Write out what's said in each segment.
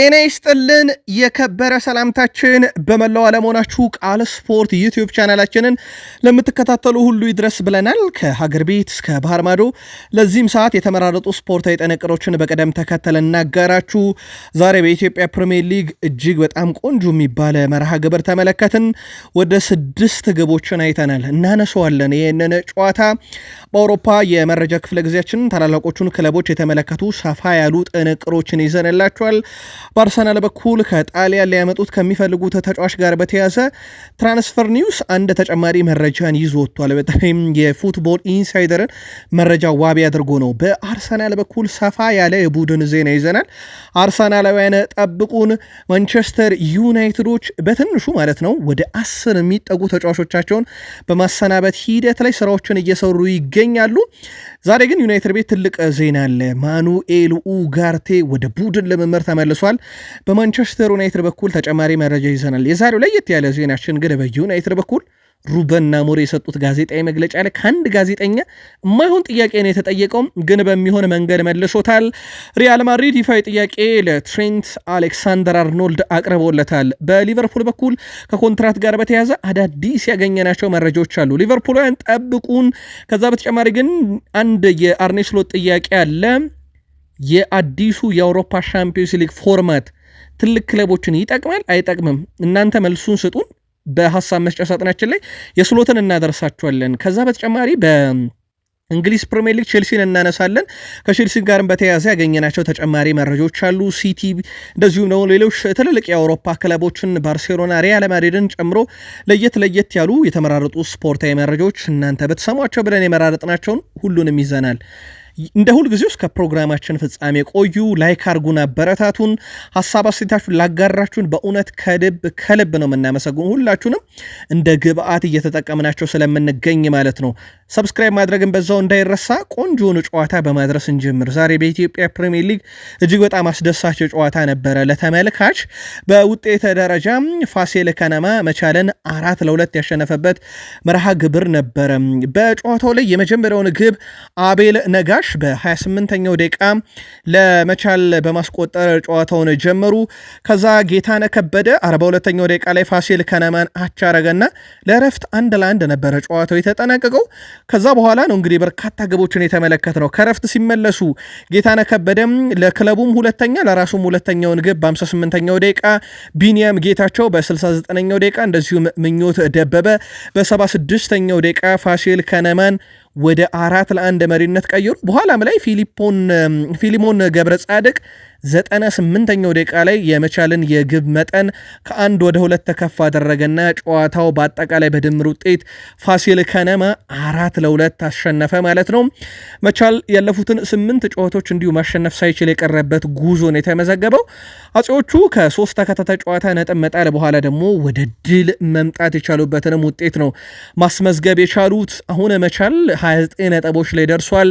ጤና ይስጥልን የከበረ ሰላምታችን በመላው ዓለም ሆናችሁ ቃል ስፖርት ዩቲዩብ ቻናላችንን ለምትከታተሉ ሁሉ ይድረስ ብለናል። ከሀገር ቤት እስከ ባህር ማዶ ለዚህም ሰዓት የተመራረጡ ስፖርታዊ ጥንቅሮችን በቅደም ተከተል እናጋራችሁ። ዛሬ በኢትዮጵያ ፕሪሚየር ሊግ እጅግ በጣም ቆንጆ የሚባለ መርሃ ግብር ተመለከትን። ወደ ስድስት ግቦችን አይተናል፣ እናነሰዋለን። ይህንን ጨዋታ በአውሮፓ የመረጃ ክፍለ ጊዜያችን ታላላቆቹን ክለቦች የተመለከቱ ሰፋ ያሉ ጥንቅሮችን ይዘንላችኋል። በአርሰናል በኩል ከጣሊያን ሊያመጡት ከሚፈልጉት ተጫዋች ጋር በተያዘ ትራንስፈር ኒውስ አንድ ተጨማሪ መረጃን ይዞ ወጥቷል። በተለይም የፉትቦል ኢንሳይደርን መረጃ ዋቢ አድርጎ ነው። በአርሰናል በኩል ሰፋ ያለ የቡድን ዜና ይዘናል። አርሰናላውያን ጠብቁን፣ ማንቸስተር ዩናይትዶች በትንሹ ማለት ነው ወደ አስር የሚጠጉ ተጫዋቾቻቸውን በማሰናበት ሂደት ላይ ስራዎችን እየሰሩ ይገኛሉ። ዛሬ ግን ዩናይትድ ቤት ትልቅ ዜና አለ። ማኑኤል ኡጋርቴ ወደ ቡድን ልምምር ተመልሷል። በማንቸስተር ዩናይትድ በኩል ተጨማሪ መረጃ ይዘናል። የዛሬው ለየት ያለ ዜናችን ግን በዩናይትድ በኩል ሩበን አሞሪም የሰጡት ጋዜጣዊ መግለጫ ላይ ከአንድ ጋዜጠኛ የማይሆን ጥያቄ ነው የተጠየቀውም፣ ግን በሚሆን መንገድ መልሶታል። ሪያል ማድሪድ ይፋዊ ጥያቄ ለትሬንት አሌክሳንደር አርኖልድ አቅርቦለታል። በሊቨርፑል በኩል ከኮንትራት ጋር በተያያዘ አዳዲስ ያገኘናቸው መረጃዎች አሉ። ሊቨርፑላውያን ጠብቁን። ከዛ በተጨማሪ ግን አንድ የአርኔ ስሎት ጥያቄ አለ የአዲሱ የአውሮፓ ሻምፒዮንስ ሊግ ፎርማት ትልቅ ክለቦችን ይጠቅማል አይጠቅምም? እናንተ መልሱን ስጡን። በሀሳብ መስጫ ሳጥናችን ላይ የስሎትን እናደርሳችኋለን። ከዛ በተጨማሪ በእንግሊዝ ፕሪሚየር ሊግ ቼልሲን እናነሳለን። ከቼልሲ ጋርም በተያያዘ ያገኘናቸው ተጨማሪ መረጃዎች አሉ። ሲቲ እንደዚሁም ደግሞ ሌሎች ትልልቅ የአውሮፓ ክለቦችን ባርሴሎና፣ ሪያል ማድሪድን ጨምሮ ለየት ለየት ያሉ የተመራረጡ ስፖርታዊ መረጃዎች እናንተ በተሰሟቸው ብለን የመራረጥናቸውን ሁሉንም ይዘናል። እንደ ጊዜ እስከ ፕሮግራማችን ፍጻሜ ቆዩ። ላይክ አርጉን፣ አበረታቱን፣ ሀሳብ አስተያየታችሁን ላጋራችሁን በእውነት ከልብ ከልብ ነው የምናመሰግኑ። ሁላችሁንም እንደ ግብአት እየተጠቀምናቸው ስለምንገኝ ማለት ነው። ሰብስክራይብ ማድረግን በዛው እንዳይረሳ። ቆንጆውን ጨዋታ በማድረስ እንጀምር። ዛሬ በኢትዮጵያ ፕሪሚየር ሊግ እጅግ በጣም አስደሳች ጨዋታ ነበረ ለተመልካች። በውጤት ደረጃ ፋሲል ከነማ መቻልን አራት ለሁለት ያሸነፈበት መርሃ ግብር ነበረ። በጨዋታው ላይ የመጀመሪያውን ግብ አቤል ነጋሽ በ28ኛው ደቂቃ ለመቻል በማስቆጠር ጨዋታውን ጀመሩ። ከዛ ጌታነ ከበደ 42ኛው ደቂቃ ላይ ፋሲል ከነማን አቻረገና ለእረፍት አንድ ለአንድ ነበረ ጨዋታው የተጠናቀቀው። ከዛ በኋላ ነው እንግዲህ በርካታ ግቦችን የተመለከት ነው። ከረፍት ሲመለሱ ጌታነ ከበደም ለክለቡም ሁለተኛ ለራሱም ሁለተኛውን ግብ በ58ኛው ደቂቃ፣ ቢኒያም ጌታቸው በ69ኛው ደቂቃ፣ እንደዚሁም ምኞት ደበበ በ76ኛው ደቂቃ ፋሲል ከነማን ወደ አራት ለአንድ መሪነት ቀይሩ። በኋላም ላይ ፊሊሞን ገብረ ጻድቅ ዘጠና ስምንተኛው ደቂቃ ላይ የመቻልን የግብ መጠን ከአንድ ወደ ሁለት ተከፍ አደረገና ጨዋታው በአጠቃላይ በድምር ውጤት ፋሲል ከነማ አራት ለሁለት አሸነፈ ማለት ነው። መቻል ያለፉትን ስምንት ጨዋታዎች እንዲሁ ማሸነፍ ሳይችል የቀረበት ጉዞ ነው የተመዘገበው። አጼዎቹ ከሶስት ተከታታይ ጨዋታ ነጥብ መጣል በኋላ ደግሞ ወደ ድል መምጣት የቻሉበትንም ውጤት ነው ማስመዝገብ የቻሉት። አሁን መቻል 29 ነጥቦች ላይ ደርሷል።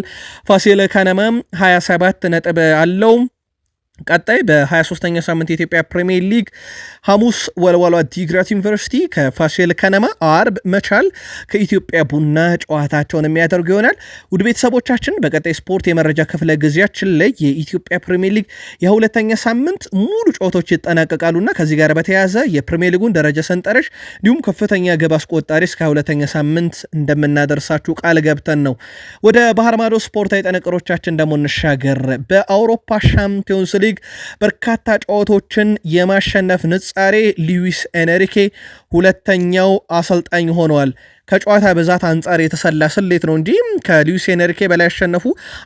ፋሲል ከነማ 27 ነጥብ አለው። ቀጣይ በ23ኛ ሳምንት የኢትዮጵያ ፕሪሚየር ሊግ ሐሙስ ወልዋሏ ዲግራት ዩኒቨርሲቲ ከፋሲል ከነማ፣ አርብ መቻል ከኢትዮጵያ ቡና ጨዋታቸውን የሚያደርጉ ይሆናል። ውድ ቤተሰቦቻችን በቀጣይ ስፖርት የመረጃ ክፍለ ጊዜያችን ላይ የኢትዮጵያ ፕሪሚየር ሊግ የሁለተኛ ሳምንት ሙሉ ጨዋታዎች ይጠናቀቃሉና ከዚህ ጋር በተያያዘ የፕሪሚየር ሊጉን ደረጃ ሰንጠረዥ እንዲሁም ከፍተኛ ግብ አስቆጣሪ እስከ ሁለተኛ ሳምንት እንደምናደርሳችሁ ቃል ገብተን ነው። ወደ ባህር ማዶ ስፖርታዊ ጥንቅሮቻችን ደግሞ እንሻገር። በአውሮፓ ሻምፒዮንስ ሊግ በርካታ ጨዋታዎችን የማሸነፍ ንጻሬ ሉዊስ ኤንሪኬ ሁለተኛው አሰልጣኝ ሆነዋል። ከጨዋታ ብዛት አንጻር የተሰላ ስሌት ነው እንጂ ከሉዊስ ኤንሪኬ በላይ ያሸነፉ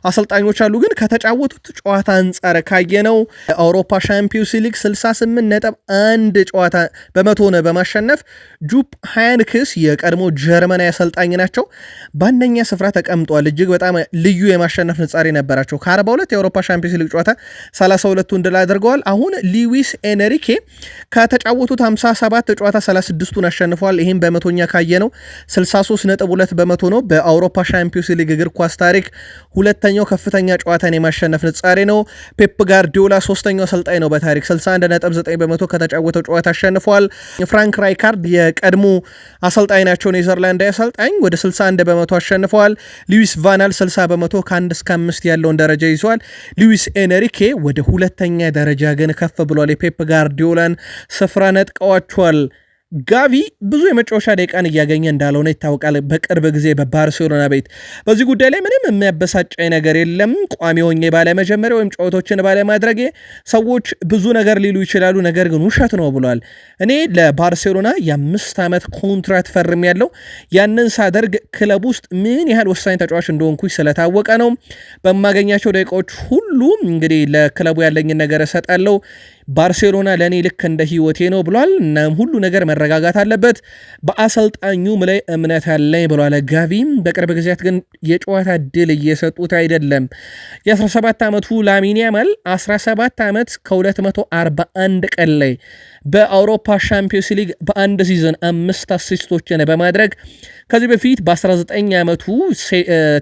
አሰልጣኞች አሉ። ግን ከተጫወቱት ጨዋታ አንጻር ካየነው አውሮፓ ሻምፒዮንስ ሊግ 68 ነጥብ አንድ ጨዋታ በመቶ ሆነ በማሸነፍ ጁፕ ሃይንክስ የቀድሞ ጀርመናዊ አሰልጣኝ ናቸው፣ በአንደኛ ስፍራ ተቀምጠዋል። እጅግ በጣም ልዩ የማሸነፍ ንጻሬ ነበራቸው። ከ42 የአውሮፓ ሻምፒዮንስ ሊግ ጨዋታ 32 እንድል አድርገዋል። አሁን ሉዊስ ኤንሪኬ ከተጫወቱት 57 ጨዋታ 36ቱን አሸንፈዋል። ይህም በመቶኛ ካየ ነው ነጥብ 2 በመቶ ነው። በአውሮፓ ሻምፒዮንስ ሊግ እግር ኳስ ታሪክ ሁለተኛው ከፍተኛ ጨዋታን የማሸነፍ ንጻሬ ነው። ፔፕ ጋርዲዮላ ሶስተኛው አሰልጣኝ ነው በታሪክ 61.9 በመቶ ከተጫወተው ጨዋታ አሸንፏል። ፍራንክ ራይካርድ የቀድሞ አሰልጣኝ ናቸው። ኔዘርላንድ አሰልጣኝ ወደ 61 በመቶ አሸንፈዋል። ሉዊስ ቫናል 60 በመቶ ከ1 እስከ 5 ያለውን ደረጃ ይዟል። ሉዊስ ኤነሪኬ ወደ ሁለተኛ ደረጃ ግን ከፍ ብሏል። የፔፕ ጋርዲዮላን ስፍራ ነጥቀዋቸዋል። ጋቪ ብዙ የመጫወቻ ደቂቃን እያገኘ እንዳልሆነ ይታወቃል። በቅርብ ጊዜ በባርሴሎና ቤት በዚህ ጉዳይ ላይ ምንም የሚያበሳጨኝ ነገር የለም። ቋሚ ሆኜ ባለመጀመሪያ ወይም ጨዋታዎችን ባለማድረጌ ሰዎች ብዙ ነገር ሊሉ ይችላሉ፣ ነገር ግን ውሸት ነው ብሏል። እኔ ለባርሴሎና የአምስት ዓመት ኮንትራት ፈርም ያለው ያንን ሳደርግ ክለብ ውስጥ ምን ያህል ወሳኝ ተጫዋች እንደሆንኩ ስለታወቀ ነው። በማገኛቸው ደቂቃዎች ሁሉ እንግዲህ ለክለቡ ያለኝን ነገር እሰጣለሁ። ባርሴሎና ለእኔ ልክ እንደ ህይወቴ ነው ብሏል። እናም ሁሉ ነገር መረጋጋት አለበት፣ በአሰልጣኙም ላይ እምነት አለኝ ብሏል። ጋቪም በቅርብ ጊዜያት ግን የጨዋታ ድል እየሰጡት አይደለም። የ17 ዓመቱ ላሚን ያማል 17 ዓመት ከ241 ቀን ላይ በአውሮፓ ሻምፒዮንስ ሊግ በአንድ ሲዝን አምስት አሲስቶችን በማድረግ ከዚህ በፊት በ19 ዓመቱ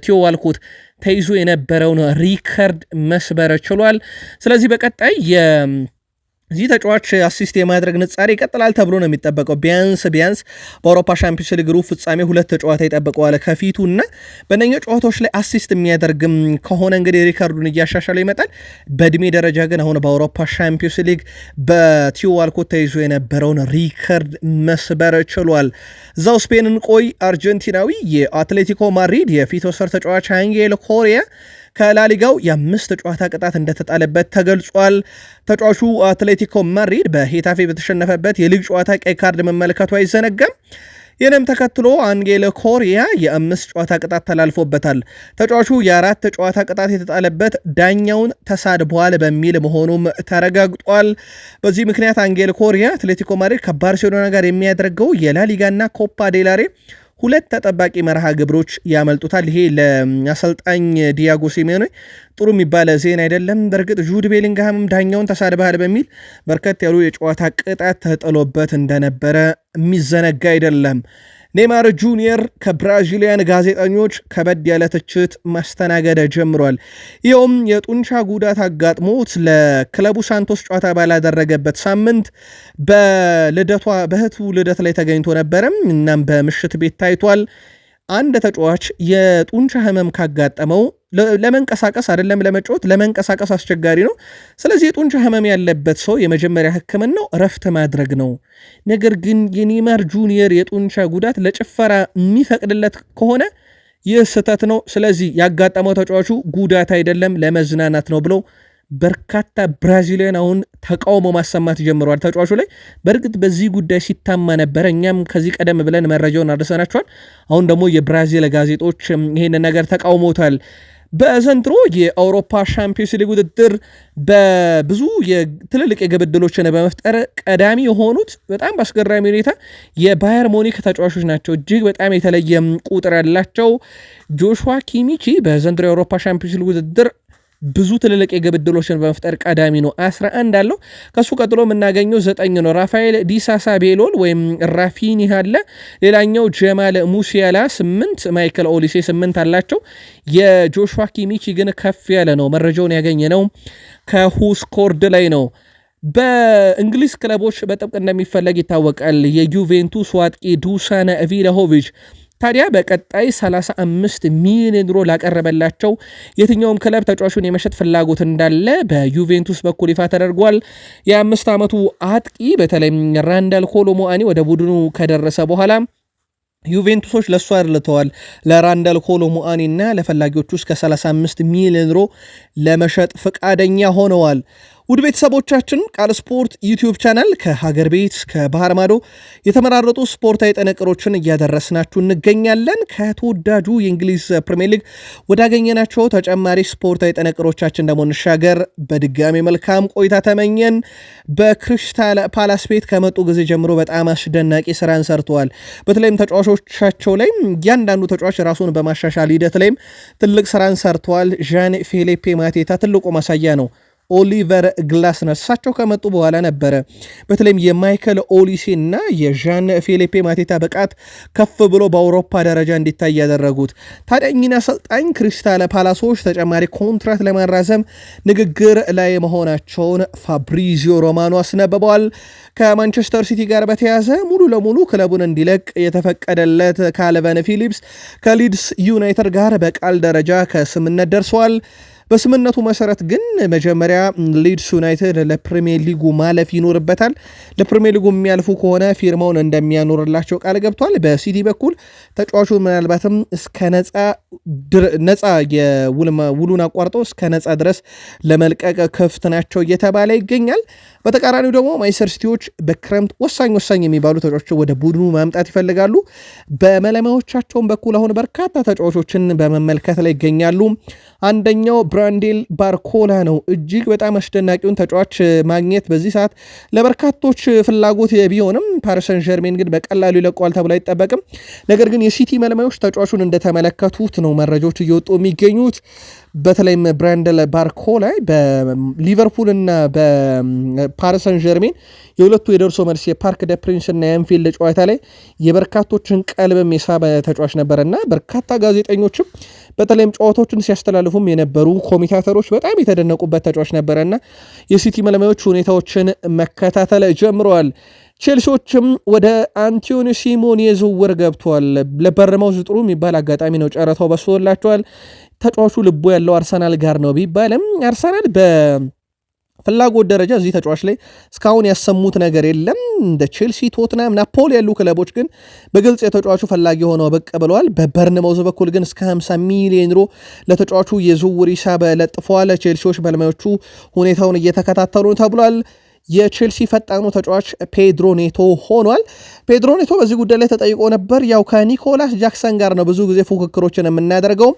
ቲዮ ዋልኮት ተይዞ የነበረውን ሪከርድ መስበር ችሏል። ስለዚህ በቀጣይ እዚህ ተጫዋች አሲስት የማድረግ ንጻሬ ይቀጥላል ተብሎ ነው የሚጠበቀው። ቢያንስ ቢያንስ በአውሮፓ ሻምፒዮንስ ሊግ ሩብ ፍጻሜ ሁለት ጨዋታ ይጠብቀዋል ከፊቱ እና በእነኛ ጨዋታዎች ላይ አሲስት የሚያደርግም ከሆነ እንግዲህ ሪከርዱን እያሻሻለው ይመጣል። በእድሜ ደረጃ ግን አሁን በአውሮፓ ሻምፒዮንስ ሊግ በቲዮ ዋልኮት ተይዞ የነበረውን ሪከርድ መስበር ችሏል። እዛው ስፔንን ቆይ አርጀንቲናዊ የአትሌቲኮ ማድሪድ የፊት ወሰር ተጫዋች አንጌል ኮሪያ ከላሊጋው የአምስት ጨዋታ ቅጣት እንደተጣለበት ተገልጿል። ተጫዋቹ አትሌቲኮ ማድሪድ በሄታፌ በተሸነፈበት የሊግ ጨዋታ ቀይ ካርድ መመልከቱ አይዘነጋም። ይህንም ተከትሎ አንጌለ ኮሪያ የአምስት ጨዋታ ቅጣት ተላልፎበታል። ተጫዋቹ የአራት ጨዋታ ቅጣት የተጣለበት ዳኛውን ተሳድቧል በሚል መሆኑም ተረጋግጧል። በዚህ ምክንያት አንጌል ኮሪያ አትሌቲኮ ማድሪድ ከባርሴሎና ጋር የሚያደርገው የላሊጋና ኮፓ ዴላሬ ሁለት ተጠባቂ መርሃ ግብሮች ያመልጡታል። ይሄ ለአሰልጣኝ ዲያጎ ሲሜኔ ጥሩ የሚባለ ዜና አይደለም። በእርግጥ ጁድ ቤሊንግሃምም ዳኛውን ተሳድበሃል በሚል በርከት ያሉ የጨዋታ ቅጣት ተጥሎበት እንደነበረ የሚዘነጋ አይደለም። ኔይማር ጁኒየር ከብራዚሊያን ጋዜጠኞች ከበድ ያለ ትችት ማስተናገደ ጀምሯል። ይኸውም የጡንቻ ጉዳት አጋጥሞት ለክለቡ ሳንቶስ ጨዋታ ባላደረገበት ሳምንት በልደቷ በእህቱ ልደት ላይ ተገኝቶ ነበረም። እናም በምሽት ቤት ታይቷል። አንድ ተጫዋች የጡንቻ ህመም ካጋጠመው ለመንቀሳቀስ አይደለም ለመጫወት ለመንቀሳቀስ አስቸጋሪ ነው። ስለዚህ የጡንቻ ህመም ያለበት ሰው የመጀመሪያ ህክምናው እረፍት ማድረግ ነው። ነገር ግን የኔማር ጁኒየር የጡንቻ ጉዳት ለጭፈራ የሚፈቅድለት ከሆነ ይህ ስህተት ነው። ስለዚህ ያጋጠመው ተጫዋቹ ጉዳት አይደለም ለመዝናናት ነው ብለው በርካታ ብራዚሊያን አሁን ተቃውሞ ማሰማት ጀምረዋል ተጫዋቹ ላይ። በእርግጥ በዚህ ጉዳይ ሲታማ ነበረ። እኛም ከዚህ ቀደም ብለን መረጃውን አድርሰናቸዋል። አሁን ደግሞ የብራዚል ጋዜጦች ይህንን ነገር ተቃውሞታል። በዘንድሮ የአውሮፓ ሻምፒዮንስ ሊግ ውድድር በብዙ ትልልቅ የግብ ዕድሎችን በመፍጠር ቀዳሚ የሆኑት በጣም በአስገራሚ ሁኔታ የባየር ሞኒክ ተጫዋቾች ናቸው። እጅግ በጣም የተለየ ቁጥር ያላቸው ጆሹዋ ኪሚቺ በዘንድሮ የአውሮፓ ሻምፒዮንስ ሊግ ውድድር ብዙ ትልልቅ የግብ ዕድሎችን በመፍጠር ቀዳሚ ነው፣ 11 አለው። ከሱ ቀጥሎ የምናገኘው ዘጠኝ ነው፣ ራፋኤል ዲሳሳ ቤሎል ወይም ራፊኒሃ አለ። ሌላኛው ጀማል ሙሲያላ 8 ማይክል ኦሊሴ 8 አላቸው። የጆሹዋ ኪሚቺ ግን ከፍ ያለ ነው። መረጃውን ያገኘ ነው ከሁስኮርድ ላይ ነው። በእንግሊዝ ክለቦች በጥብቅ እንደሚፈለግ ይታወቃል። የዩቬንቱስ ዋጥቂ ዱሳን ቪላሆቪች ታዲያ በቀጣይ 35 ሚሊዮን ዩሮ ላቀረበላቸው የትኛውም ክለብ ተጫዋቹን የመሸጥ ፍላጎት እንዳለ በዩቬንቱስ በኩል ይፋ ተደርጓል። የአምስት ዓመቱ አጥቂ በተለይም ራንዳል ኮሎሞአኒ ወደ ቡድኑ ከደረሰ በኋላ ዩቬንቱሶች ለእሱ አድልተዋል። ለራንዳል ኮሎሞአኒ ሙአኒ እና ለፈላጊዎቹ እስከ 35 ሚሊዮን ዩሮ ለመሸጥ ፈቃደኛ ሆነዋል። ውድ ቤተሰቦቻችን ቃል ስፖርት ዩቲዩብ ቻናል ከሀገር ቤት ከባህር ማዶ የተመራረጡ ስፖርታዊ ጥንቅሮችን እያደረስናችሁ እንገኛለን። ከተወዳጁ የእንግሊዝ ፕሪምየር ሊግ ወዳገኘናቸው ተጨማሪ ስፖርታዊ ጥንቅሮቻችን ደግሞ እንሻገር። በድጋሚ መልካም ቆይታ ተመኘን። በክሪስታል ፓላስ ቤት ከመጡ ጊዜ ጀምሮ በጣም አስደናቂ ስራን ሰርተዋል። በተለይም ተጫዋቾቻቸው ላይም እያንዳንዱ ተጫዋች ራሱን በማሻሻል ሂደት ላይም ትልቅ ስራን ሰርተዋል። ዣን ፊሊፔ ማቴታ ትልቁ ማሳያ ነው። ኦሊቨር ግላስነር እሳቸው ከመጡ በኋላ ነበረ በተለይም የማይከል እና የዣን ፊሊፔ ማቴታ ብቃት ከፍ ብሎ በአውሮፓ ደረጃ እንዲታይ ያደረጉት። ታዲያ እኚህን አሰልጣኝ ክሪስታል ፓላሶች ተጨማሪ ኮንትራት ለማራዘም ንግግር ላይ መሆናቸውን ፋብሪዚዮ ሮማኖ አስነብበዋል። ከማንቸስተር ሲቲ ጋር በተያዘ ሙሉ ለሙሉ ክለቡን እንዲለቅ የተፈቀደለት ካልቨን ፊሊፕስ ከሊድስ ዩናይትድ ጋር በቃል ደረጃ ከስምነት ደርሰዋል። በስምነቱ መሰረት ግን መጀመሪያ ሊድስ ዩናይትድ ለፕሪሚየር ሊጉ ማለፍ ይኖርበታል። ለፕሪሚየር ሊጉ የሚያልፉ ከሆነ ፊርማውን እንደሚያኖርላቸው ቃል ገብቷል። በሲቲ በኩል ተጫዋቹ ምናልባትም እስከ ነፃ የውሉን አቋርጦ እስከ ነፃ ድረስ ለመልቀቅ ክፍት ናቸው እየተባለ ይገኛል። በተቃራኒው ደግሞ ማይስተር ሲቲዎች በክረምት ወሳኝ ወሳኝ የሚባሉ ተጫዋቾች ወደ ቡድኑ ማምጣት ይፈልጋሉ። በመለማዮቻቸውም በኩል አሁን በርካታ ተጫዋቾችን በመመልከት ላይ ይገኛሉ። አንደኛው ብራንዴል ባርኮላ ነው። እጅግ በጣም አስደናቂውን ተጫዋች ማግኘት በዚህ ሰዓት ለበርካቶች ፍላጎት ቢሆንም ፓሪሰን ጀርሜን ግን በቀላሉ ይለቀዋል ተብሎ አይጠበቅም። ነገር ግን የሲቲ መልማዮች ተጫዋቹን እንደተመለከቱት ነው መረጃዎች እየወጡ የሚገኙት። በተለይም ብራንደለ ባርኮ ላይ በሊቨርፑል እና በፓሪሰን ጀርሜን የሁለቱ የደርሶ መልስ የፓርክ ደ ፕሪንስ እና የአንፊልድ ጨዋታ ላይ የበርካቶችን ቀልብም የሳበ ተጫዋች ነበር እና በርካታ ጋዜጠኞችም በተለይም ጨዋታዎችን ሲያስተላልፉም የነበሩ ኮሚታተሮች በጣም የተደነቁበት ተጫዋች ነበረ እና የሲቲ መለማዮች ሁኔታዎችን መከታተል ጀምረዋል። ቼልሲዎችም ወደ አንቶኒ ሲሞን የዝውውር ገብቷል። ለበርማውዝ ጥሩ የሚባል አጋጣሚ ነው፣ ጨረታው በስቶላቸዋል። ተጫዋቹ ልቦ ያለው አርሰናል ጋር ነው ቢባልም አርሰናል በ ፍላጎት ደረጃ እዚህ ተጫዋች ላይ እስካሁን ያሰሙት ነገር የለም። እንደ ቼልሲ፣ ቶትናም፣ ናፖል ያሉ ክለቦች ግን በግልጽ የተጫዋቹ ፈላጊ ሆነው ብቅ ብለዋል። በበርንማውዝ በኩል ግን እስከ 50 ሚሊዮን ዩሮ ለተጫዋቹ የዝውውር ሂሳብ ለጥፈዋል። ቼልሲዎች በልማዮቹ ሁኔታውን እየተከታተሉ ተብሏል። የቼልሲ ፈጣኑ ተጫዋች ፔድሮ ኔቶ ሆኗል። ፔድሮ ኔቶ በዚህ ጉዳይ ላይ ተጠይቆ ነበር። ያው ከኒኮላስ ጃክሰን ጋር ነው ብዙ ጊዜ ፉክክሮችን የምናደርገው፣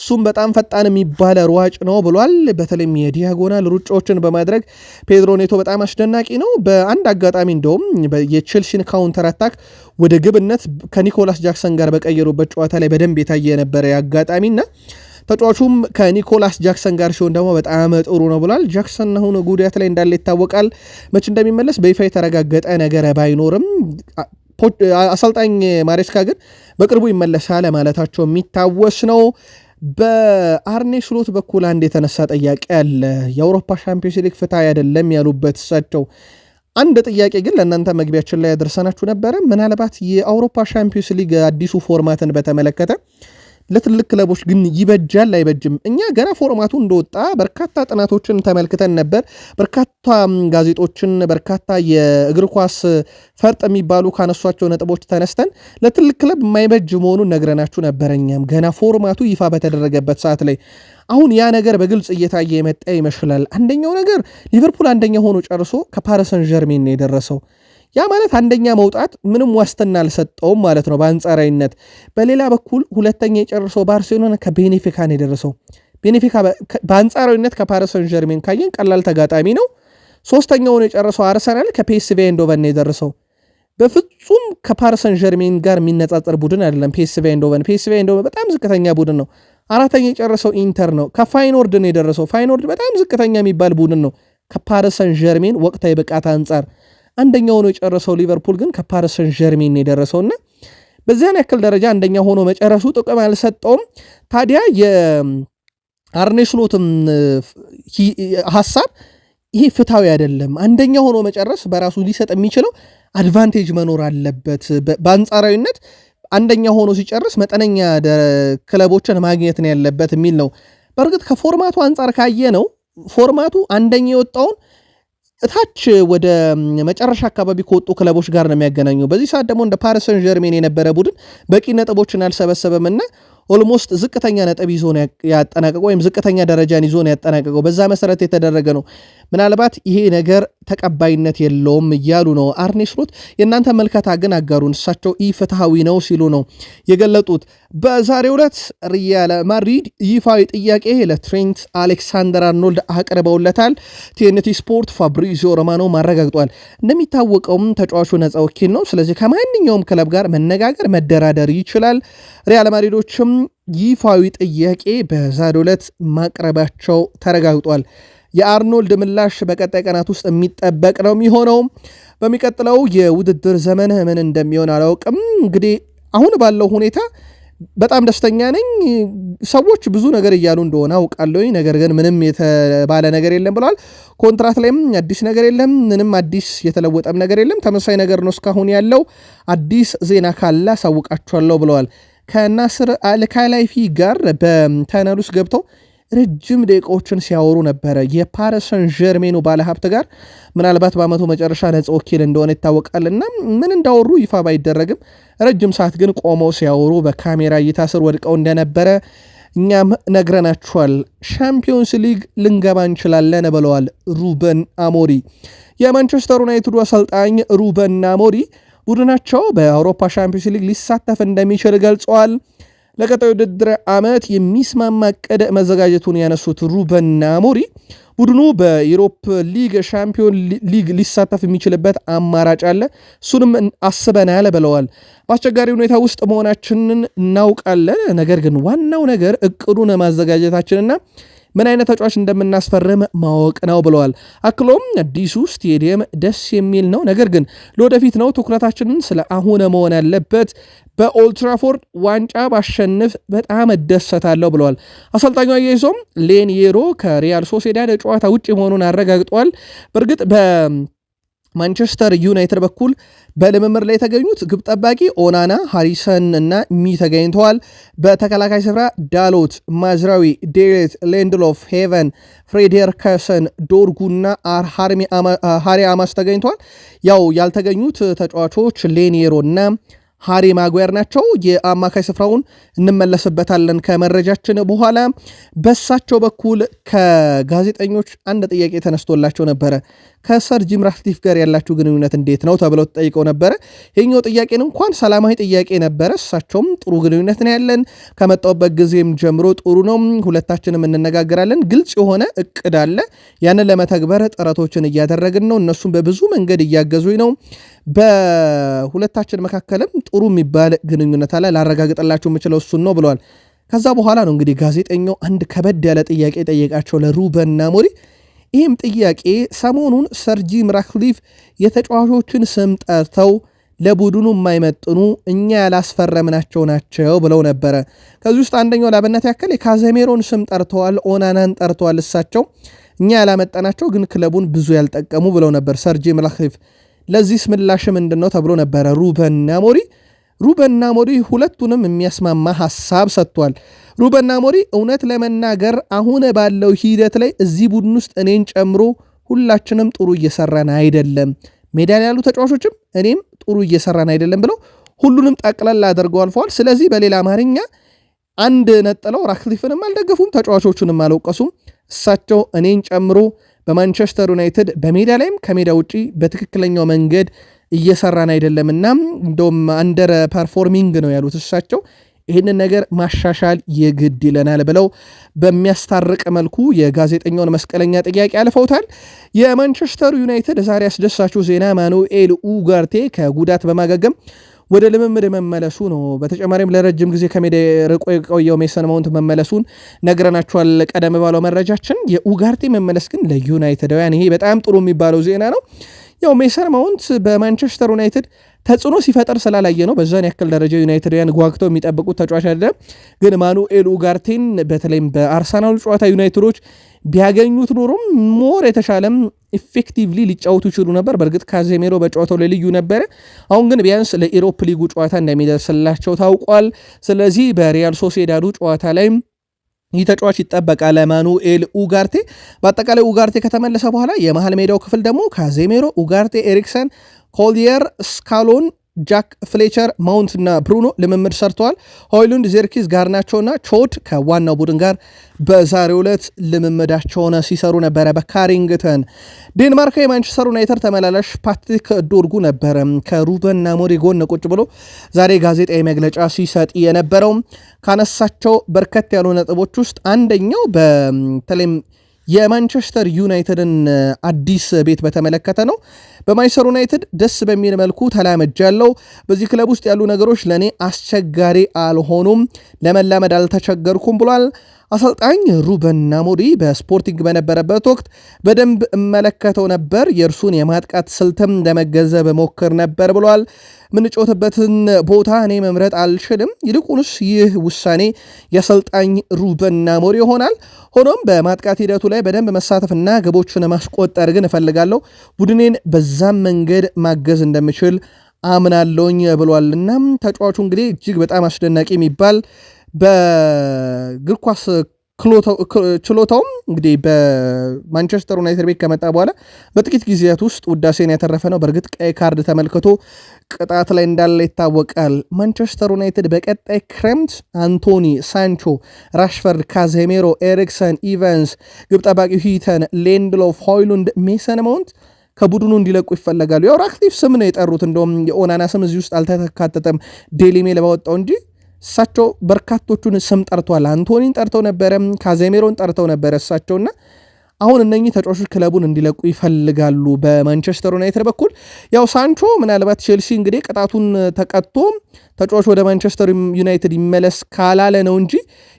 እሱም በጣም ፈጣን የሚባለ ሯጭ ነው ብሏል። በተለይም የዲያጎናል ሩጫዎችን በማድረግ ፔድሮ ኔቶ በጣም አስደናቂ ነው። በአንድ አጋጣሚ እንደውም የቼልሲን ካውንተር አታክ ወደ ግብነት ከኒኮላስ ጃክሰን ጋር በቀየሩበት ጨዋታ ላይ በደንብ የታየ የነበረ አጋጣሚና ተጫዋቹም ከኒኮላስ ጃክሰን ጋር ሲሆን ደግሞ በጣም ጥሩ ነው ብሏል። ጃክሰን አሁን ጉዳት ላይ እንዳለ ይታወቃል። መች እንደሚመለስ በይፋ የተረጋገጠ ነገር ባይኖርም አሰልጣኝ ማሬስካ ግን በቅርቡ ይመለሳል ማለታቸው የሚታወስ ነው። በአርኔ ስሎት በኩል አንድ የተነሳ ጥያቄ አለ። የአውሮፓ ሻምፒዮንስ ሊግ ፍትሐዊ አይደለም ያሉበት እሳቸው አንድ ጥያቄ ግን ለእናንተ መግቢያችን ላይ ያደርሰናችሁ ነበረ። ምናልባት የአውሮፓ ሻምፒዮንስ ሊግ አዲሱ ፎርማትን በተመለከተ ለትልቅ ክለቦች ግን ይበጃል አይበጅም? እኛ ገና ፎርማቱ እንደወጣ በርካታ ጥናቶችን ተመልክተን ነበር። በርካታ ጋዜጦችን፣ በርካታ የእግር ኳስ ፈርጥ የሚባሉ ካነሷቸው ነጥቦች ተነስተን ለትልቅ ክለብ የማይበጅ መሆኑን ነግረናችሁ ነበር። እኛም ገና ፎርማቱ ይፋ በተደረገበት ሰዓት ላይ አሁን ያ ነገር በግልጽ እየታየ የመጣ ይመስላል። አንደኛው ነገር ሊቨርፑል አንደኛ ሆኖ ጨርሶ ከፓሪስ ሰን ነው የደረሰው። ያ ማለት አንደኛ መውጣት ምንም ዋስትና አልሰጠውም ማለት ነው በአንጻራዊነት። በሌላ በኩል ሁለተኛ የጨርሰው ባርሴሎና ከቤኔፊካ ነው የደረሰው። ቤኔፊካ በአንጻራዊነት ከፓሪሰን ጀርሜን ካየን ቀላል ተጋጣሚ ነው። ሶስተኛውን ሆኖ የጨረሰው አርሰናል ከፒኤስቪ አይንዶቨን ነው የደረሰው። በፍጹም ከፓሪሰን ጀርሜን ጋር የሚነጻጸር ቡድን አይደለም ፒኤስቪ አይንዶቨን። ፒኤስቪ አይንዶቨን በጣም ዝቅተኛ ቡድን ነው። አራተኛ የጨረሰው ኢንተር ነው፣ ከፋይኖርድ ነው የደረሰው። ፋይኖርድ በጣም ዝቅተኛ የሚባል ቡድን ነው ከፓሪሰን ጀርሜን ወቅታዊ ብቃት አንጻር አንደኛ ሆኖ የጨረሰው ሊቨርፑል ግን ከፓሪስ ሰን ጀርሜን የደረሰውና በዚያን ያክል ደረጃ አንደኛ ሆኖ መጨረሱ ጥቅም አልሰጠውም። ታዲያ የአርኔ ስሎትም ሀሳብ ይሄ ፍትሐዊ አይደለም፣ አንደኛ ሆኖ መጨረስ በራሱ ሊሰጥ የሚችለው አድቫንቴጅ መኖር አለበት። በአንጻራዊነት አንደኛ ሆኖ ሲጨርስ መጠነኛ ክለቦችን ማግኘት ነው ያለበት የሚል ነው። በእርግጥ ከፎርማቱ አንጻር ካየ ነው ፎርማቱ አንደኛ የወጣውን እታች ወደ መጨረሻ አካባቢ ከወጡ ክለቦች ጋር ነው የሚያገናኘው። በዚህ ሰዓት ደግሞ እንደ ፓሪሰን ጀርሜን የነበረ ቡድን በቂ ነጥቦችን አልሰበሰበምና ኦልሞስት ዝቅተኛ ነጥብ ይዞ ያጠናቀቀው ወይም ዝቅተኛ ደረጃን ይዞ ያጠናቀቀው በዛ መሰረት የተደረገ ነው። ምናልባት ይሄ ነገር ተቀባይነት የለውም እያሉ ነው አርኔ ስሎት። የእናንተ መልከታ ግን አጋሩን። እሳቸው ኢፍትሐዊ ነው ሲሉ ነው የገለጡት። በዛሬው ዕለት ሪያል ማድሪድ ይፋዊ ጥያቄ ለትሬንት አሌክሳንደር አርኖልድ አቅርበውለታል። ቲኤንቲ ስፖርት ፋብሪዚዮ ሮማኖ ማረጋግጧል። እንደሚታወቀውም ተጫዋቹ ነፃ ወኪል ነው። ስለዚህ ከማንኛውም ክለብ ጋር መነጋገር መደራደር ይችላል። ሪያል ማድሪዶችም ይፋዊ ጥያቄ በዛሬው ዕለት ማቅረባቸው ተረጋግጧል። የአርኖልድ ምላሽ በቀጣይ ቀናት ውስጥ የሚጠበቅ ነው የሚሆነው። በሚቀጥለው የውድድር ዘመን ምን እንደሚሆን አላውቅም። እንግዲህ አሁን ባለው ሁኔታ በጣም ደስተኛ ነኝ። ሰዎች ብዙ ነገር እያሉ እንደሆነ አውቃለሁ። ነገር ግን ምንም የተባለ ነገር የለም ብለዋል። ኮንትራት ላይም አዲስ ነገር የለም። ምንም አዲስ የተለወጠም ነገር የለም። ተመሳሳይ ነገር ነው እስካሁን ያለው። አዲስ ዜና ካለ አሳውቃችኋለሁ ብለዋል። ከናስር አልካላይፊ ጋር በተነል ውስጥ ገብተው ረጅም ደቂቃዎችን ሲያወሩ ነበረ። የፓሪሰን ጀርሜኑ ባለሀብት ጋር ምናልባት በአመቱ መጨረሻ ነጻ ወኪል እንደሆነ ይታወቃል እና ምን እንዳወሩ ይፋ ባይደረግም ረጅም ሰዓት ግን ቆመው ሲያወሩ በካሜራ እይታ ስር ወድቀው እንደነበረ እኛም ነግረናችኋል። ሻምፒዮንስ ሊግ ልንገባ እንችላለን ብለዋል ሩበን አሞሪ። የማንቸስተር ዩናይትዱ አሰልጣኝ ሩበን አሞሪ ቡድናቸው በአውሮፓ ሻምፒዮንስ ሊግ ሊሳተፍ እንደሚችል ገልጸዋል። ለቀጣዩ ውድድር ዓመት የሚስማማ ዕቅድ መዘጋጀቱን ያነሱት ሩበን አሞሪ ቡድኑ በዩሮፕ ሊግ ሻምፒዮን ሊግ ሊሳተፍ የሚችልበት አማራጭ አለ፣ እሱንም አስበናል ብለዋል። በአስቸጋሪ ሁኔታ ውስጥ መሆናችንን እናውቃለን፣ ነገር ግን ዋናው ነገር እቅዱን ማዘጋጀታችንና ምን አይነት ተጫዋች እንደምናስፈርም ማወቅ ነው ብለዋል። አክሎም አዲሱ ስቴዲየም ደስ የሚል ነው፣ ነገር ግን ለወደፊት ነው ትኩረታችንን ስለ አሁን መሆን ያለበት። በኦልትራፎርድ ዋንጫ ባሸንፍ በጣም እደሰታለሁ ብለዋል። አሰልጣኙ አያይዞም ሌኒየሮ ከሪያል ሶሴዳድ ጨዋታ ውጭ መሆኑን አረጋግጧል። በእርግጥ በ ማንቸስተር ዩናይትድ በኩል በልምምድ ላይ የተገኙት ግብ ጠባቂ ኦናና፣ ሃሪሰን እና ሚ ተገኝተዋል። በተከላካይ ስፍራ ዳሎት፣ ማዝራዊ፣ ዴሬት፣ ሌንድሎፍ፣ ሄቨን፣ ፍሬዴርከሰን፣ እና ሃሪ አማስ ተገኝተዋል። ያው ያልተገኙት ተጫዋቾች እና ሃሪ ማጓየር ናቸው። የአማካይ ስፍራውን እንመለስበታለን ከመረጃችን በኋላ። በሳቸው በኩል ከጋዜጠኞች አንድ ጥያቄ ተነስቶላቸው ነበረ። ከሰር ጂም ራትክሊፍ ጋር ያላችሁ ግንኙነት እንዴት ነው ተብለው ተጠይቀው ነበረ። ይህኛው ጥያቄን እንኳን ሰላማዊ ጥያቄ ነበረ። እሳቸውም ጥሩ ግንኙነት ነው ያለን፣ ከመጣሁበት ጊዜም ጀምሮ ጥሩ ነው፣ ሁለታችንም እንነጋገራለን። ግልጽ የሆነ እቅድ አለ። ያንን ለመተግበር ጥረቶችን እያደረግን ነው። እነሱም በብዙ መንገድ እያገዙኝ ነው። በሁለታችን መካከልም ጥሩ የሚባል ግንኙነት አለ፣ ላረጋግጥላችሁ የምችለው እሱን ነው ብለዋል። ከዛ በኋላ ነው እንግዲህ ጋዜጠኛው አንድ ከበድ ያለ ጥያቄ ጠየቃቸው ለሩበን አሞሪም። ይህም ጥያቄ ሰሞኑን ሰር ጂም ራትክሊፍ የተጫዋቾችን ስም ጠርተው ለቡድኑ የማይመጥኑ እኛ ያላስፈረምናቸው ናቸው ብለው ነበረ። ከዚህ ውስጥ አንደኛው ላብነት ያክል የካዘሜሮን ስም ጠርተዋል፣ ኦናናን ጠርተዋል። እሳቸው እኛ ያላመጠናቸው ግን ክለቡን ብዙ ያልጠቀሙ ብለው ነበር ሰር ጂም ራትክሊፍ ለዚህስ ምላሽ ምንድን ነው ተብሎ ነበረ። ሩበን አሞሪ ሩበን አሞሪ ሁለቱንም የሚያስማማ ሀሳብ ሰጥቷል። ሩበን አሞሪ እውነት ለመናገር አሁን ባለው ሂደት ላይ እዚህ ቡድን ውስጥ እኔን ጨምሮ ሁላችንም ጥሩ እየሰራን አይደለም፣ ሜዳ ላይ ያሉ ተጫዋቾችም እኔም ጥሩ እየሰራን አይደለም ብለው ሁሉንም ጠቅለል አድርገው አልፈዋል። ስለዚህ በሌላ አማርኛ አንድ ነጥለው ራክሊፍንም አልደገፉም፣ ተጫዋቾቹንም አልወቀሱም። እሳቸው እኔን ጨምሮ በማንቸስተር ዩናይትድ በሜዳ ላይም ከሜዳ ውጪ በትክክለኛው መንገድ እየሰራን አይደለምና እንደውም አንደር ፐርፎርሚንግ ነው ያሉት እሳቸው ይህንን ነገር ማሻሻል የግድ ይለናል ብለው በሚያስታርቅ መልኩ የጋዜጠኛውን መስቀለኛ ጥያቄ አልፈውታል። የማንቸስተር ዩናይትድ ዛሬ አስደሳቹ ዜና ማኑኤል ኡጋርቴ ከጉዳት በማገገም ወደ ልምምድ መመለሱ ነው። በተጨማሪም ለረጅም ጊዜ ከሜዳ ርቆ የቆየው ሜሰን ማውንት መመለሱን ነግረናቸዋል ቀደም ባለው መረጃችን። የኡጋርቴ መመለስ ግን ለዩናይትዳውያን ይሄ በጣም ጥሩ የሚባለው ዜና ነው። ያው ሜሰን ማውንት በማንቸስተር ዩናይትድ ተጽዕኖ ሲፈጠር ስላላየ ነው። በዛን ያክል ደረጃ ዩናይትድያን ጓግተው የሚጠብቁት ተጫዋች አይደለም። ግን ማኑኤል ኡጋርቴን በተለይም በአርሰናሉ ጨዋታ ዩናይትዶች ቢያገኙት ኖሮም ሞር የተሻለም ኢፌክቲቭሊ ሊጫወቱ ይችሉ ነበር። በእርግጥ ካዜሜሮ በጨዋታው ላይ ልዩ ነበረ። አሁን ግን ቢያንስ ለኢሮፕ ሊጉ ጨዋታ እንደሚደርስላቸው ታውቋል። ስለዚህ በሪያል ሶሴዳዱ ጨዋታ ላይም ይህ ተጫዋች ይጠበቃል። ማኑኤል ኡጋርቴ በአጠቃላይ ኡጋርቴ ከተመለሰ በኋላ የመሃል ሜዳው ክፍል ደግሞ ካዜሜሮ፣ ኡጋርቴ፣ ኤሪክሰን፣ ኮልየር፣ ስካሎን ጃክ ፍሌቸር፣ ማውንት እና ብሩኖ ልምምድ ሰርተዋል። ሆይሉንድ፣ ዜርኪዝ፣ ጋርናቾና ቾድ ከዋናው ቡድን ጋር በዛሬው ዕለት ልምምዳቸውን ሲሰሩ ነበረ በካሪንግተን። ዴንማርክ የማንቸስተር ዩናይተር ተመላላሽ ፓትሪክ ዶርጉ ነበረ ከሩበን አሞሪም ጎን ቁጭ ብሎ ዛሬ ጋዜጣዊ መግለጫ ሲሰጥ የነበረው ካነሳቸው በርከት ያሉ ነጥቦች ውስጥ አንደኛው በተለይም የማንቸስተር ዩናይትድን አዲስ ቤት በተመለከተ ነው። በማንቸስተር ዩናይትድ ደስ በሚል መልኩ ተላመጃለሁ። በዚህ ክለብ ውስጥ ያሉ ነገሮች ለእኔ አስቸጋሪ አልሆኑም፣ ለመላመድ አልተቸገርኩም ብሏል። አሰልጣኝ ሩበን አሞሪም በስፖርቲንግ በነበረበት ወቅት በደንብ እመለከተው ነበር፣ የእርሱን የማጥቃት ስልትም ለመገንዘብ ሞክር ነበር ብሏል። ምንጮትበትን ቦታ እኔ መምረጥ አልችልም። ይልቁንስ ይህ ውሳኔ የአሰልጣኝ ሩበን አሞሪም ይሆናል። ሆኖም በማጥቃት ሂደቱ ላይ በደንብ መሳተፍና ግቦችን ማስቆጠር ግን እፈልጋለሁ። ቡድኔን በዛም መንገድ ማገዝ እንደምችል አምናለውኝ እናም ተጫዋቹ እንግዲህ እጅግ በጣም አስደናቂ የሚባል በእግር ኳስ ችሎታውም እንግዲህ በማንቸስተር ዩናይትድ ቤት ከመጣ በኋላ በጥቂት ጊዜያት ውስጥ ውዳሴን ያተረፈ ነው። በእርግጥ ቀይ ካርድ ተመልክቶ ቅጣት ላይ እንዳለ ይታወቃል። ማንቸስተር ዩናይትድ በቀጣይ ክረምት አንቶኒ፣ ሳንቾ፣ ራሽፈርድ፣ ካዜሜሮ፣ ኤሪክሰን፣ ኢቨንስ ግብ ጠባቂው ሂተን፣ ሌንድሎፍ፣ ሆይሉንድ፣ ሜሰን ማውንት ከቡድኑ እንዲለቁ ይፈለጋሉ። ያው ራክሊፍ ስም ነው የጠሩት። እንደውም የኦናና ስም እዚህ ውስጥ አልተካተተም ዴሊ ሜል ባወጣው እንጂ እሳቸው በርካቶቹን ስም ጠርቷል። አንቶኒን ጠርተው ነበረ፣ ካዜሜሮን ጠርተው ነበረ እሳቸውና አሁን እነኚህ ተጫዋቾች ክለቡን እንዲለቁ ይፈልጋሉ። በማንቸስተር ዩናይትድ በኩል ያው ሳንቾ ምናልባት ቼልሲ እንግዲህ ቅጣቱን ተቀጥቶ ተጫዋች ወደ ማንቸስተር ዩናይትድ ይመለስ ካላለ ነው እንጂ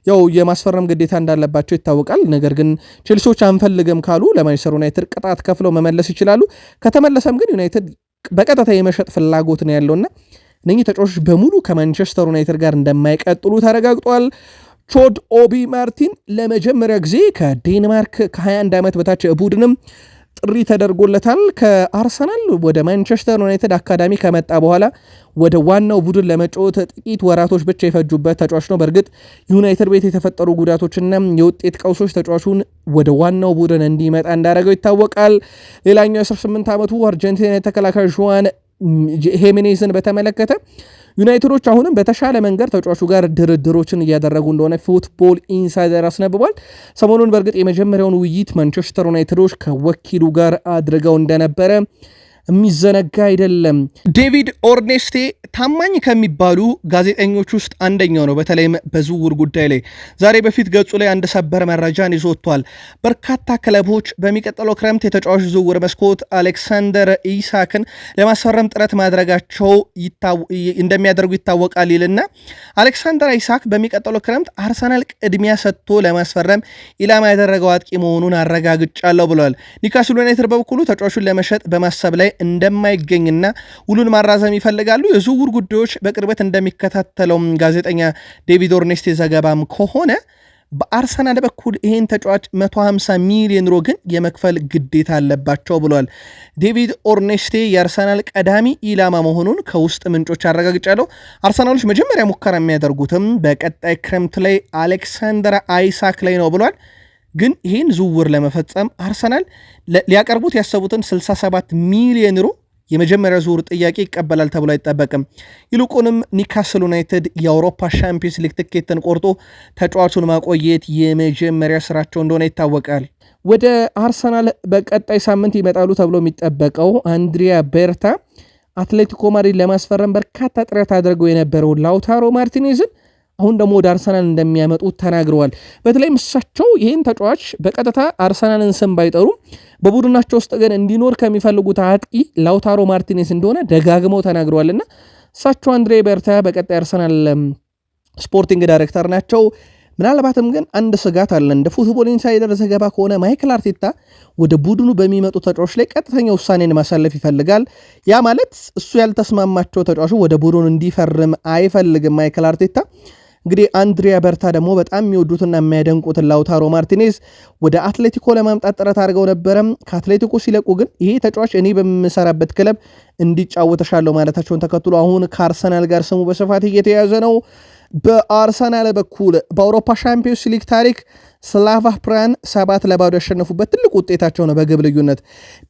ያው የማስፈረም ግዴታ እንዳለባቸው ይታወቃል። ነገር ግን ቼልሲዎች አንፈልግም ካሉ ለማንቸስተር ዩናይትድ ቅጣት ከፍለው መመለስ ይችላሉ። ከተመለሰም ግን ዩናይትድ በቀጥታ የመሸጥ ፍላጎት ነው ያለውና እነኚህ ተጫዋቾች በሙሉ ከማንቸስተር ዩናይትድ ጋር እንደማይቀጥሉ ተረጋግጧል። ቾድ ኦቢ ማርቲን ለመጀመሪያ ጊዜ ከዴንማርክ ከ21 ዓመት በታች ቡድንም ጥሪ ተደርጎለታል። ከአርሰናል ወደ ማንቸስተር ዩናይትድ አካዳሚ ከመጣ በኋላ ወደ ዋናው ቡድን ለመጫወት ጥቂት ወራቶች ብቻ የፈጁበት ተጫዋች ነው። በእርግጥ ዩናይትድ ቤት የተፈጠሩ ጉዳቶችና የውጤት ቀውሶች ተጫዋቹን ወደ ዋናው ቡድን እንዲመጣ እንዳደረገው ይታወቃል። ሌላኛው የ18 ዓመቱ አርጀንቲና የተከላካይ ዥዋን ሄሜኔዝን በተመለከተ ዩናይትዶች አሁንም በተሻለ መንገድ ተጫዋቹ ጋር ድርድሮችን እያደረጉ እንደሆነ ፉትቦል ኢንሳይደር አስነብቧል። ሰሞኑን በእርግጥ የመጀመሪያውን ውይይት ማንቸስተር ዩናይትዶች ከወኪሉ ጋር አድርገው እንደነበረ የሚዘነጋ አይደለም። ዴቪድ ኦርኔስቴ ታማኝ ከሚባሉ ጋዜጠኞች ውስጥ አንደኛው ነው። በተለይም በዝውውር ጉዳይ ላይ ዛሬ በፊት ገጹ ላይ አንድ ሰበር መረጃን ይዞ ወጥቷል። በርካታ ክለቦች በሚቀጥለው ክረምት የተጫዋች ዝውውር መስኮት አሌክሳንደር ኢሳክን ለማስፈረም ጥረት ማድረጋቸው እንደሚያደርጉ ይታወቃል ይልና አሌክሳንደር ኢሳክ በሚቀጥለው ክረምት አርሰናል ቅድሚያ ሰጥቶ ለማስፈረም ኢላማ ያደረገው አጥቂ መሆኑን አረጋግጫለሁ ብለዋል። ኒውካስል ዩናይትድ በበኩሉ ተጫዋቹን ለመሸጥ በማሰብ ላይ እንደማይገኝና ውሉን ማራዘም ይፈልጋሉ። የዝውውር ጉዳዮች በቅርበት እንደሚከታተለው ጋዜጠኛ ዴቪድ ኦርኔስት ዘገባም ከሆነ በአርሰናል በኩል ይህን ተጫዋች 150 ሚሊዮን ሮ ግን የመክፈል ግዴታ አለባቸው ብሏል። ዴቪድ ኦርኔስቴ የአርሰናል ቀዳሚ ኢላማ መሆኑን ከውስጥ ምንጮች አረጋግጫለሁ። አርሰናሎች መጀመሪያ ሙከራ የሚያደርጉትም በቀጣይ ክረምት ላይ አሌክሳንደር አይሳክ ላይ ነው ብሏል። ግን ይህን ዝውውር ለመፈጸም አርሰናል ሊያቀርቡት ያሰቡትን 67 ሚሊዮን ዩሮ የመጀመሪያ ዙር ጥያቄ ይቀበላል ተብሎ አይጠበቅም። ይልቁንም ኒካስል ዩናይትድ የአውሮፓ ሻምፒዮንስ ሊግ ትኬትን ቆርጦ ተጫዋቹን ማቆየት የመጀመሪያ ስራቸው እንደሆነ ይታወቃል። ወደ አርሰናል በቀጣይ ሳምንት ይመጣሉ ተብሎ የሚጠበቀው አንድሪያ ቤርታ አትሌቲኮ ማድሪድ ለማስፈረም በርካታ ጥረት አድርገው የነበረው ላውታሮ ማርቲኔዝን አሁን ደግሞ ወደ አርሰናል እንደሚያመጡት ተናግረዋል። በተለይም እሳቸው ይህን ተጫዋች በቀጥታ አርሰናልን ስም ባይጠሩም በቡድናቸው ውስጥ ግን እንዲኖር ከሚፈልጉት አጥቂ ላውታሮ ማርቲኔስ እንደሆነ ደጋግመው ተናግረዋልና እሳቸው አንድሬ በርታ በቀጣይ አርሰናል ስፖርቲንግ ዳይሬክተር ናቸው። ምናልባትም ግን አንድ ስጋት አለ። እንደ ፉትቦል ኢንሳይደር ዘገባ ከሆነ ማይክል አርቴታ ወደ ቡድኑ በሚመጡ ተጫዋች ላይ ቀጥተኛ ውሳኔን ማሳለፍ ይፈልጋል። ያ ማለት እሱ ያልተስማማቸው ተጫዋቹ ወደ ቡድኑ እንዲፈርም አይፈልግም ማይክል አርቴታ እንግዲህ አንድሪያ በርታ ደግሞ በጣም የሚወዱትና የሚያደንቁትን ላውታሮ ማርቲኔዝ ወደ አትሌቲኮ ለማምጣት ጥረት አድርገው ነበረም። ከአትሌቲኮ ሲለቁ ግን ይሄ ተጫዋች እኔ በምሰራበት ክለብ እንዲጫወተሻለሁ ማለታቸውን ተከትሎ አሁን ከአርሰናል ጋር ስሙ በስፋት እየተያዘ ነው። በአርሰናል በኩል በአውሮፓ ሻምፒዮንስ ሊግ ታሪክ ስላቫ ፕራን ሰባት ለባዶ ያሸነፉበት ትልቅ ውጤታቸው ነው። በግብ ልዩነት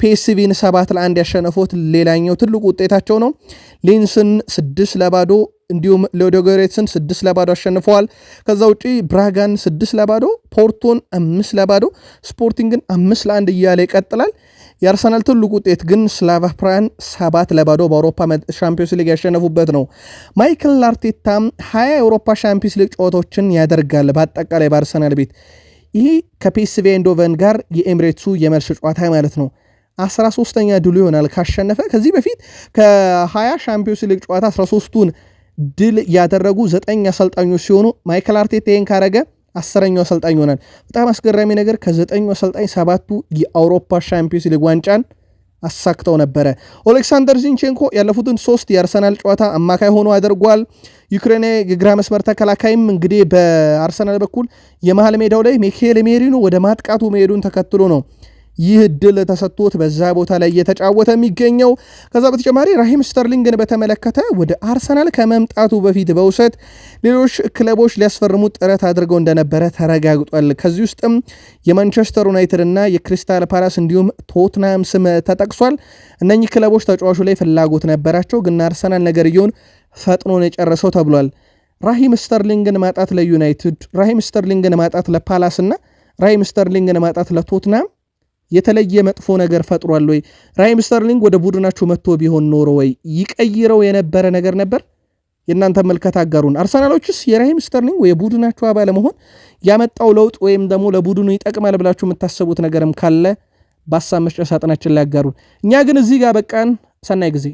ፒኤስቪን ሰባት ለአንድ ያሸነፉት ሌላኛው ትልቁ ውጤታቸው ነው። ሊንስን ስድስት ለባዶ እንዲሁም ሎዶጎሬትስን ስድስት ለባዶ አሸንፈዋል። ከዛ ውጪ ብራጋን ስድስት ለባዶ፣ ፖርቶን አምስት ለባዶ፣ ስፖርቲንግን አምስት ለአንድ እያለ ይቀጥላል። የአርሰናል ትልቁ ውጤት ግን ስላቫ ፕራን ሰባት ለባዶ በአውሮፓ ሻምፒዮንስ ሊግ ያሸነፉበት ነው። ማይክል አርቴታም ሀያ የአውሮፓ ሻምፒዮንስ ሊግ ጨዋታዎችን ያደርጋል በአጠቃላይ በአርሰናል ቤት። ይህ ከፒኤስቪ አይንዶቨን ጋር የኤምሬትሱ የመልስ ጨዋታ ማለት ነው። 13ተኛ ድሉ ይሆናል ካሸነፈ። ከዚህ በፊት ከ20 ሻምፒዮንስ ሊግ ጨዋታ 13ቱን ድል ያደረጉ ዘጠኝ አሰልጣኞች ሲሆኑ ማይክል አርቴታ ይህን ካረገ አስረኛው አሰልጣኝ ይሆናል። በጣም አስገራሚ ነገር ከዘጠኙ አሰልጣኝ ሰባቱ የአውሮፓ ሻምፒዮንስ ሊግ ዋንጫን አሳክተው ነበረ። ኦሌክሳንደር ዚንቼንኮ ያለፉትን ሶስት የአርሰናል ጨዋታ አማካይ ሆኖ አድርጓል። ዩክሬናዊ የግራ መስመር ተከላካይም እንግዲህ በአርሰናል በኩል የመሃል ሜዳው ላይ ሚካኤል ሜሪኖ ወደ ማጥቃቱ መሄዱን ተከትሎ ነው ይህ እድል ተሰጥቶት በዛ ቦታ ላይ እየተጫወተ የሚገኘው። ከዛ በተጨማሪ ራሂም ስተርሊንግን በተመለከተ ወደ አርሰናል ከመምጣቱ በፊት በውሰት ሌሎች ክለቦች ሊያስፈርሙት ጥረት አድርገው እንደነበረ ተረጋግጧል። ከዚህ ውስጥም የማንቸስተር ዩናይትድ እና የክሪስታል ፓላስ እንዲሁም ቶትናም ስም ተጠቅሷል። እነኚህ ክለቦች ተጫዋቹ ላይ ፍላጎት ነበራቸው፣ ግን አርሰናል ነገርየውን ፈጥኖን የጨረሰው ተብሏል። ራሂም ስተርሊንግን ማጣት ለዩናይትድ፣ ራሂም ስተርሊንግን ማጣት ለፓላስ እና ራሂም ስተርሊንግን ማጣት ለቶትናም የተለየ መጥፎ ነገር ፈጥሯል ወይ? ራሂም ስተርሊንግ ወደ ቡድናችሁ መጥቶ ቢሆን ኖሮ ወይ ይቀይረው የነበረ ነገር ነበር? የእናንተ መልከት አጋሩን። አርሰናሎችስ የራሂም ስተርሊንግ የቡድናችሁ አባል መሆን ያመጣው ለውጥ ወይም ደግሞ ለቡድኑ ይጠቅማል ብላችሁ የምታሰቡት ነገርም ካለ በሀሳብ መስጫ ሳጥናችን ላይ አጋሩን። እኛ ግን እዚህ ጋር በቃን። ሰናይ ጊዜ